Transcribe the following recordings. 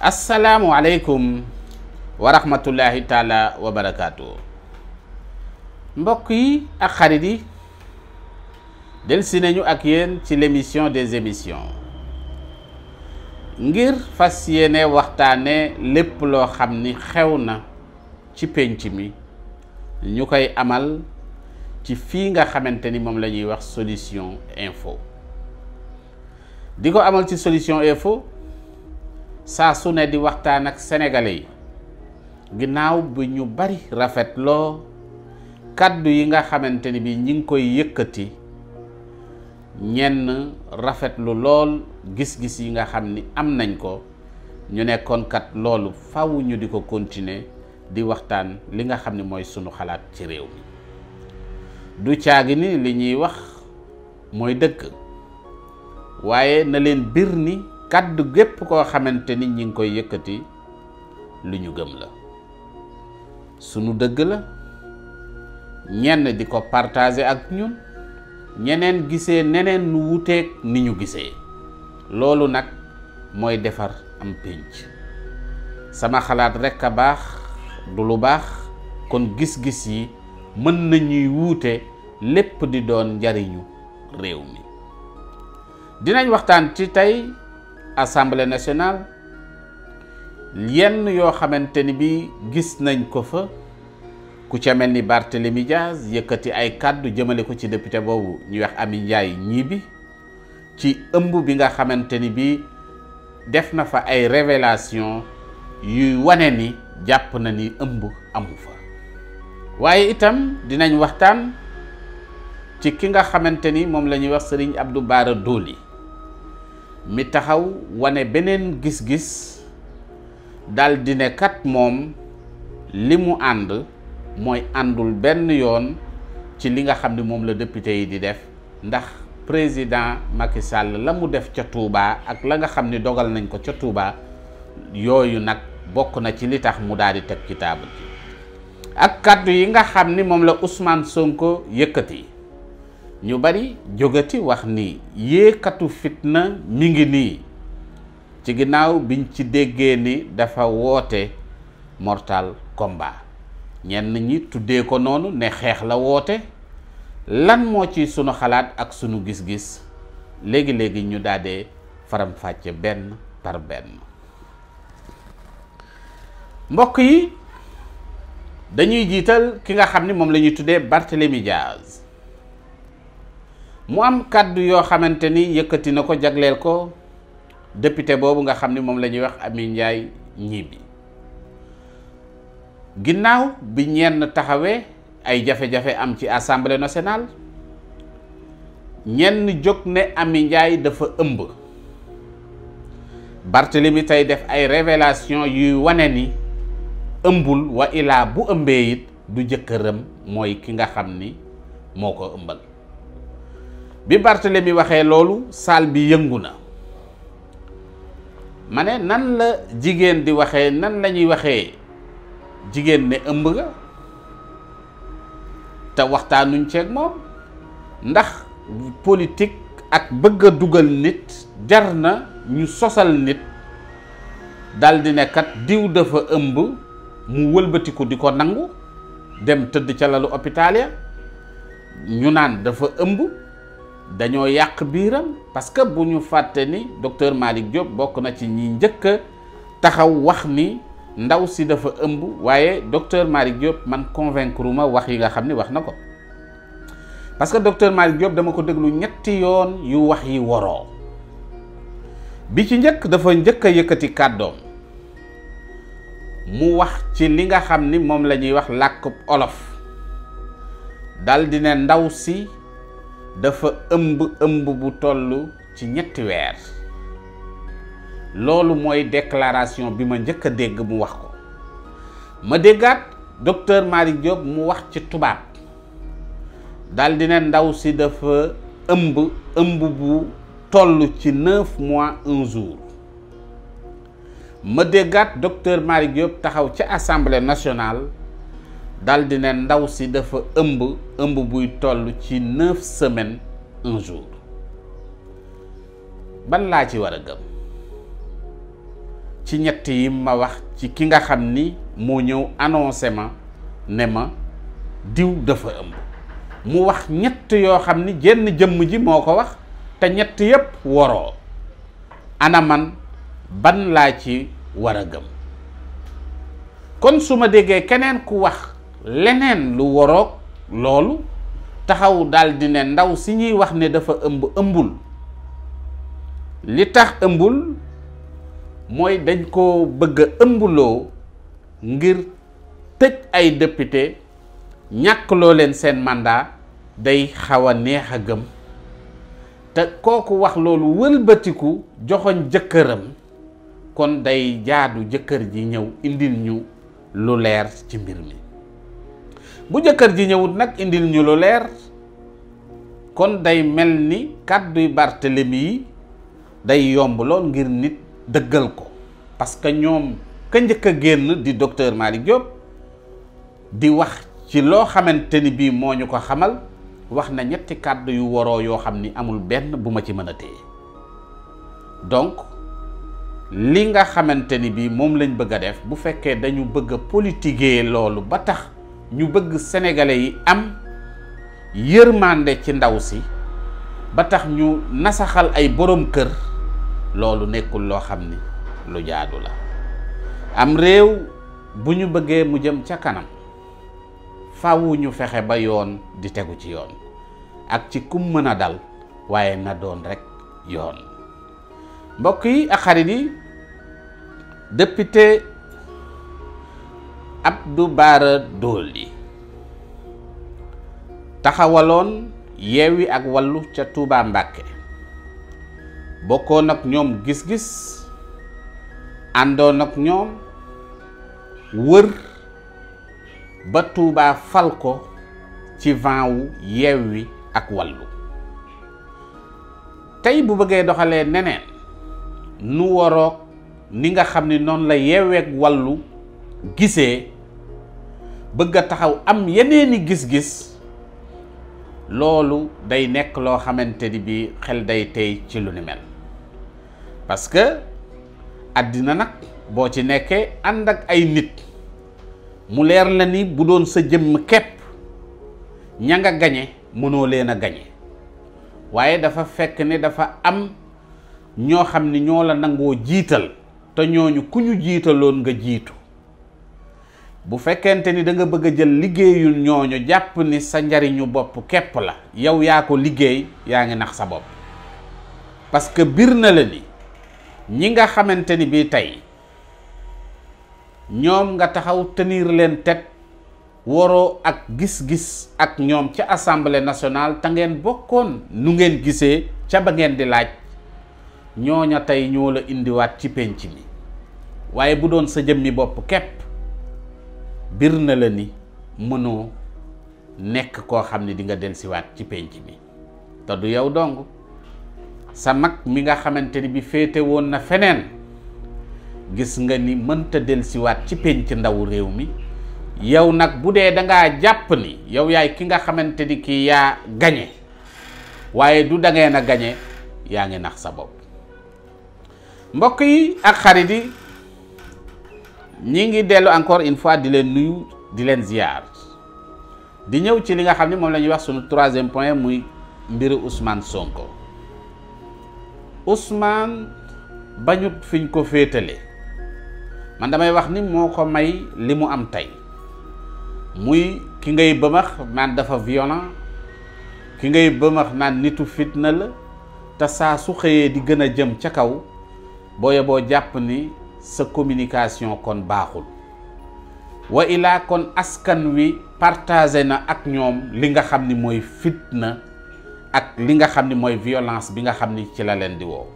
asalaamualeykum wa rahmatullahi taala wa barakaatu mbokk yi ak xarit yi delsi nañu ak yéen ci l'émission des émissions ngir fas yéene waxtaane lépp loo xam ni xew na ci pénc mi ñu koy amal ci fii nga xamante ni moom lañuy wax solution info di ko amal ci solution info saa su ne di waxtaan ak sénégalais yi ginnaaw bi ñu bari rafetloo kàddu yi nga xamante ni bi ñi ngi koy yëkkati ñenn rafetlu lool gis-gis yi nga xam ni am nañ ko ñu nekkoon kat loolu faw ñu di ko continuer di waxtaan li nga xam ni mooy sunu xalaat ci réew mi du caagi ni li ñuy wax mooy dëkk waaye na leen bir ni kàddu gépp koo xamante ni ñi ngi koy yëkkati lu ñu gëm la sunu dëgg la ñenn di ko partager ak ñun ñeneen gisee neneen nu ni ñu gisee loolu nag mooy defar am pénc sama xalaat rekk a baax du lu baax kon gis-gis yi mën nañuy wuute lépp di doon njariñu réew mi dinañ waxtaan ci tey assemblée nationale yenn yoo xamante ni bi gis nañ ko fa ku ca mel ni Barthélémy Diaz yëkkati ay kàddu jëmale ko ci député boobu ñuy wax Amy Ndiaye Gniby ci ëmb bi nga xamante ni bi def na fa ay révélation yuy wane ni jàpp na ni ëmb amu fa waaye itam dinañ waxtaan ci ki nga xamante ni moom la ñuy wax Serigne Abdou Bara Dolly mi taxaw wane beneen gis-gis dal di ne kat moom li mu ànd mooy àndul benn yoon ci li nga xam ne moom la député yi di def ndax président Macky Sall la mu def ca Touba ak la nga xam ni dogal nañ ko ca Touba yooyu nag bokk na ci li tax mu daal di teg ci table ji ak kàddu yi nga xam ni moom la Ousmane Sonko yëkkati ñu bari jógati wax ni yéekatu fitna mi ngi nii ci ginnaaw biñ ci déggee ni dafa woote mortal komba ñenn ñi tuddee ko noonu ne xeex la woote lan moo ci sunu xalaat ak sunu gis-gis léegi léegi ñu daadee faram-fàcce benn par benn mbokk yi dañuy jiital ki nga xam ni moom lañuy tuddee Barthélemy Diaz mu am kàddu yoo xamante ni yëkkati na ko jagleel ko député boobu nga xam ni moom lañuy ñuy wax Amy Ndiaye bi ginnaaw bi ñenn taxawee ay jafe-jafe am ci assemblée nationale ñenn jóg ne Amy njaay dafa ëmb Barthélemy tey def ay révélation yuy wane ni ëmbul wa ilaa bu ëmbee it du jëkkëram mooy ki nga xam ni moo ko ëmbal bi Barthélemy waxee loolu saal bi yëngu na ma ne nan la jigéen di waxee nan lañuy waxee jigéen ne ëmb nga te waxtaanuñ ceeg moom ndax politik ak bëgg dugal nit jar na ñu sosal nit daldi ne diw dafa ëmb mu wëlbatiku di ko nangu dem tëdd ca lalu hôpital ya ñu naan dafa ëmb dañoo yàq biiram parce que bu ñu fàtte ni docteur Malick Diop bokk na ci ñi njëkk a taxaw wax ni ndaw si dafa ëmb waaye docteur Malick Diop man convaincre ma wax yi nga xam ni wax na ko parce que docteur Malick Diop dama ko déglu ñetti yoon yu wax yi woroo bi ci njëkk dafa njëkk a yëkkati kàddoom mu wax ci li nga xam ni moom la ñuy wax làkk olof daldi ne ndaw si dafa ëmb ëmb bu toll ci ñetti weer loolu mooy déclaration bi ma njëkk a dégg mu wax ko ma déggaat docteur Malick Diop mu wax ci tubaab daldi di ne ndaw si dafa ëmb ëmb bu toll ci neuf mois un jour ma déggaat docteur Malick Diop taxaw ci assemblée nationale daldi ne ndaw si dafa ëmb ëmb buy toll ci neuf semaine un jour ban laa ci war a gëm ci ñett yi ma wax ci ki nga xam ni moo ñëw annoncé ma ne ma diw dafa ëmb mu wax ñett yoo xam ni jenn jëmm ji moo ko wax te ñett yépp woroo anaman ban laa ci war a gëm kon su ma déggee keneen ku wax leneen lu waroog loolu taxaw daldi ne ndaw si ñuy wax ne dafa ëmb ëmbul li tax ëmbul mooy dañ ko bëgg ëmbuloo ngir tëj ay dëppite ñàkk loo leen seen màndaa day xaw a neex a gëm te kooku wax loolu wëlbatiku joxoñ jëkkëram kon day jaadu jëkkër ji ñëw indil ñu lu leer ci mbir mi bu jëkkër ji ñëwut nag indil ñu lu leer kon day mel ni kàdduy Barthélemy yi day yomb lool ngir nit dëggal ko parce que ñoom ka njëkk a génn di docteur Malick Diop di wax ci loo xamante ni bii moo ñu ko xamal wax na ñetti kàddu yu waroo yoo xam ni amul benn bu ma ci mën a téye donc li nga xamante ni bii moom lañ bëgg a def bu fekkee dañu bëgg a politiquer loolu ba tax ñu bëgg sénégalais yi am yërmande ci ndaw si ba tax ñu nasaxal ay boroom kër loolu nekkul loo xam ni lu jaadu la am réew bu ñu bëggee mu jëm ca kanam faaw ñu fexe ba yoon di tegu ci yoon ak ci kum mën a dal waaye na doon rekk yoon mbokk yi ak xarit yi député Abdou Bara Dolly taxawaloon Yewwi ak Wallu ca Touba Mbàkke bokkoon ak ñoom gis-gis àndoon ak ñoom wër ba Touba fal ko ci vent wu Yewwi ak Wallu tey bu bëggee doxalee neneen nu waroog ni nga xam ni noonu la Yewwi Wallu gisee bëgg a taxaw am yeneeni gis-gis loolu day nekk loo xamante ni bii xel day tey ci lu ni mel parce que àddina nag boo ci nekkee ànd ak ay nit mu leer la ni bu doon sa jëmm képp ña nga gañe mënoo leen a gañe waaye dafa fekk ne dafa am ñoo xam ni ñoo la nangoo jiital te ñooñu ku ñu jiitaloon nga jiitu bu fekkente ni da nga bëgg a jël liggéeyul ñooñu jàpp ni sa njariñu bopp képp la yow yaa ko liggéey yaa ngi nax sa bopp parce que bir na la ni ñi nga xamante ni bii tey ñoom nga taxaw tenir leen teg waroo ak gis-gis ak ñoom ca assemblée nationale te ngeen bokkoon nu ngeen gisee ca ba ngeen di laaj ñooña tey ñoo la indiwaat ci penc mi waaye bu doon sa jëmmi bopp képp bir na la ni mënoo nekk koo xam ne dinga nga delsiwaat ci pénc mi te du yow dong sa mag mi nga xamante ni bi féete woon na feneen gis nga ni mënta delsiwaat ci penc ndaw réew mi yow nag bu dee da ngaa jàpp ni yow yaay ki nga xamante ni kii yaa gañe waaye du da gañe yaa ngi nax sa bopp mbokk yi ak xarit yi ñi ngi dellu encore une fois di leen nuyu di leen ziar di ñëw ci li nga xam ne moom lañuy wax sunu troisième point muy mbiru Ousmane Sonko Ousmane bañut fiñ ko féetale man damay wax ni moo ko may li mu am tey muy ki ngay bëmax naan dafa violent ki ngay bëmax naan nitu fitna la te saa su xëyee di gën a jëm ca kaw booye boo jàpp ni sa communication kon baaxul wa ilaa kon askan wi partagé na ak ñoom li nga xam ni mooy fit na ak li nga xam ni mooy violence bi nga xam ni ci la leen di wow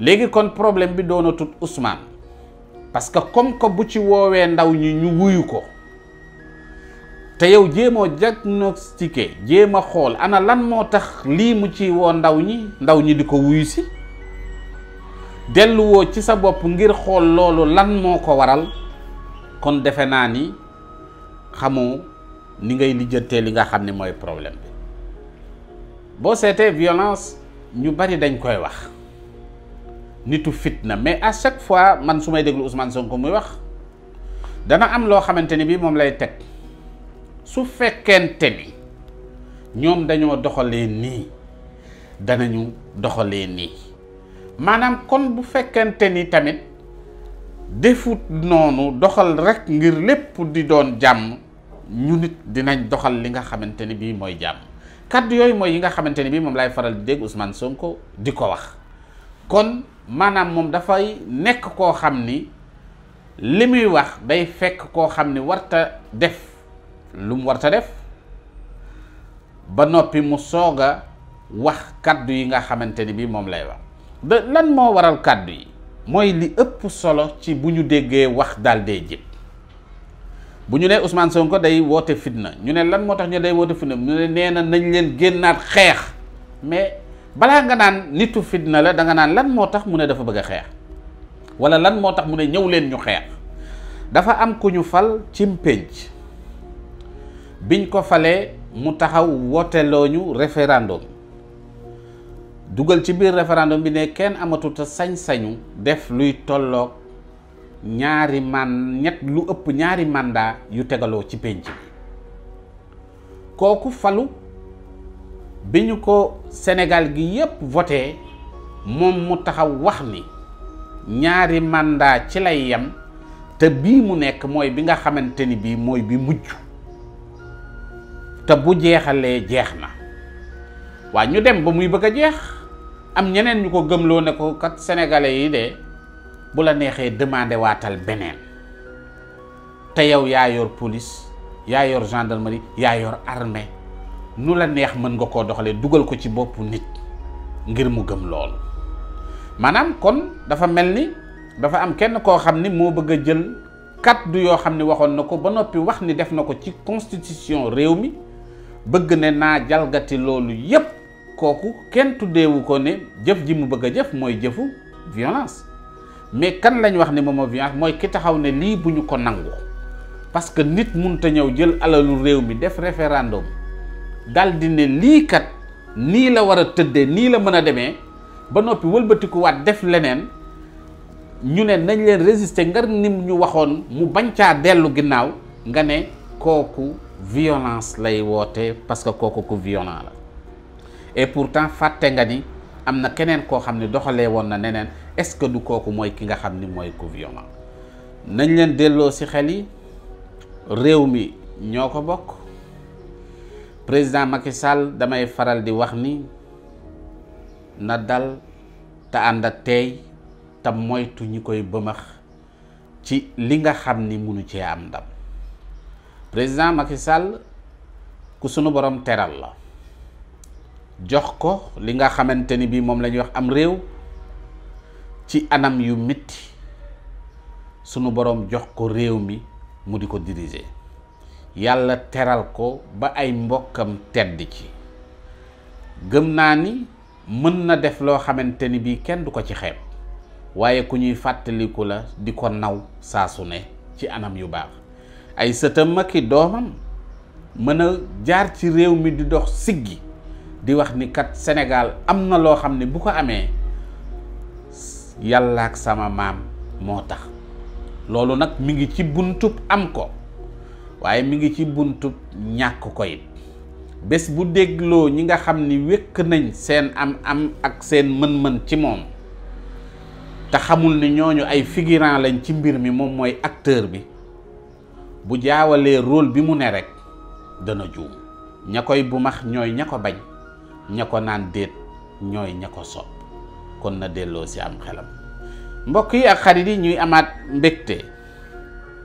léegi kon problème bi doona tut Ousmane parce que comme que bu ci woowee ndaw ñi ñu wuyu ko te yow jéemoo diagnostiqué jéem a xool ana lan moo tax lii mu ci woo ndaw ñi ndaw ñi di ko wuyu si delluwoo ci sa bopp ngir xool loolu lan moo ko waral kon defe naa ni xamoo ni ngay lijjantee li nga xam ne mooy problème bi boo seetee violence ñu bari dañ koy wax nitu fitna mais à chaque fois man su may déglu Ousmane ko muy wax dana am loo xamante ni bii moom lay teg su fekkente ni ñoom dañoo doxalee nii danañu doxalee nii. maanaam kon bu fekkente ni tamit defut noonu doxal rek ngir lépp di doon jàmm ñu nit dinañ doxal li nga xamante ni bii mooy jàmm kaddu yooyu mooy yi nga xamante ni bii moom laay faral di dégg Ousmane Sonko di ko wax kon maanaam moom dafay nekk koo xam ni li muy wax day fekk koo xam ni warta def lu mu warta def ba noppi mu soog a wax kaddu yi nga xamante ni bii moom lay wax da lan moo waral kàddu yi mooy li ëpp solo ci bu ñu déggee wax daal dee jib bu ñu nee Ousmane ko day woote fitna ñu ne lan moo tax ñu day woote fitna mu ne nee na nañ leen génnaat xeex mais balaa nga naan nitu fitna la danga naan lan moo tax mu ne dafa bëgg a xeex wala lan moo tax mu ne ñëw leen ñu xeex dafa am ku ñu fal cim pénc biñ ko falee mu taxaw wooteloo ñu référendum dugal ci biir référendum bi ne kenn amatuta sañ-sañu def luy tolloog ñaari man ñett lu ëpp ñaari màndaa yu tegaloo ci pénc bi kooku falu bi ñu ko senegal gi yépp vote moom mu taxaw wax ni ñaari màndaa ci lay yam te bii mu nekk mooy bi nga xamante ni bii mooy bi mujj te bu jeexalee jeex na waa ñu dem ba muy bëgg a jeex am ñeneen ñu ko gëmloo ne ko kat sénégalais yi de bu la neexee demandé waatal beneen te yow yaa yor police yaa yor gendarmerie yaa yor armée nu la neex mën nga koo doxalee dugal ko ci boppu nit ngir mu gëm loolu maanaam kon dafa mel ni dafa am kenn koo xam ni moo bëgg a jël kàddu yoo xam ni waxoon na ko ba noppi wax ni def na ko ci constitution réew mi bëgg ne naa jalgati loolu yépp kooku kenn tuddeewu ko ne jëf ji mu bëgg a jëf mooy jëfu violence mais kan lañ wax ne moom mooy violence mooy ki taxaw ne lii bu ñu ko nangu parce que nit mënut ñëw jël alalu réew mi def référendum dal ne lii kat nii la war a tëddee nii la mën a demee ba noppi wëlbatikuwaat def leneen ñu ne nañ leen résister ngar nim ñu waxoon mu bañ caa dellu ginnaaw nga ne kooku violence lay woote parce que kooku ku violent la. et pourtant fàtte nga ni am na keneen koo xam ne doxalee woon na neneen est-ce que du kooku mooy ki nga xam ni mooy ku violent nañ leen delloo si xel yi réew mi ñoo ko bokk président Macky Sall damay faral di wax ni na dal te ànd ak teey te moytu ñi koy bëmax ci li nga xam ni munu cee am ndam président Macky Sall ku sunu borom teral la jox ko li nga xamante ni bii moom la wax am réew ci anam yu metti sunu boroom jox ko réew mi mu di ko diriger yàlla teral ko ba ay mbokkam tedd ci gëm naa ni mën na def loo xamante ni bii kenn du ko ci xeeb waaye ku ñuy fàttaliku la di ko naw saa su ne ci anam yu baax ay sëtam ak i doomam mën a jaar ci réew mi di dox siggi di wax ni kat senegaal am na loo xam ne bu ko amee yàlla ak sama maam moo tax loolu nag mi ngi ci buntub am ko waaye mi ngi ci buntub ñàkk koy bés bu dégloo ñi nga xam ni wékk nañ seen am am ak seen mën-mën ci moom te xamul ni ñooñu ay figurant lañ ci mbir mi moom mooy acteur bi bu jaawalee rôle bi mu ne rekk dana juum ña koy bu max ñooy ña ko bañ ña ko naan déet ñooy ña ko sopp kon na delloo si am xelam mbokk yi ak xarit yi ñuy amaat mbégte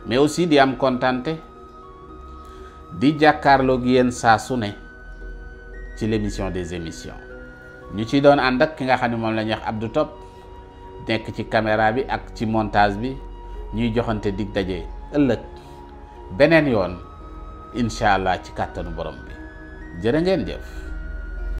mais aussi di am kontante di jàkkaarloog yéen saa su ne ci l'émission des émissions ñu ci doon ànd ak ki nga xam ne moom la ñuy wax Abdou Top nekk ci caméra bi ak ci montage bi ñuy joxante dig daje ëllëg beneen yoon incha allah ci kàttanu borom bi jërë ngeen jëf.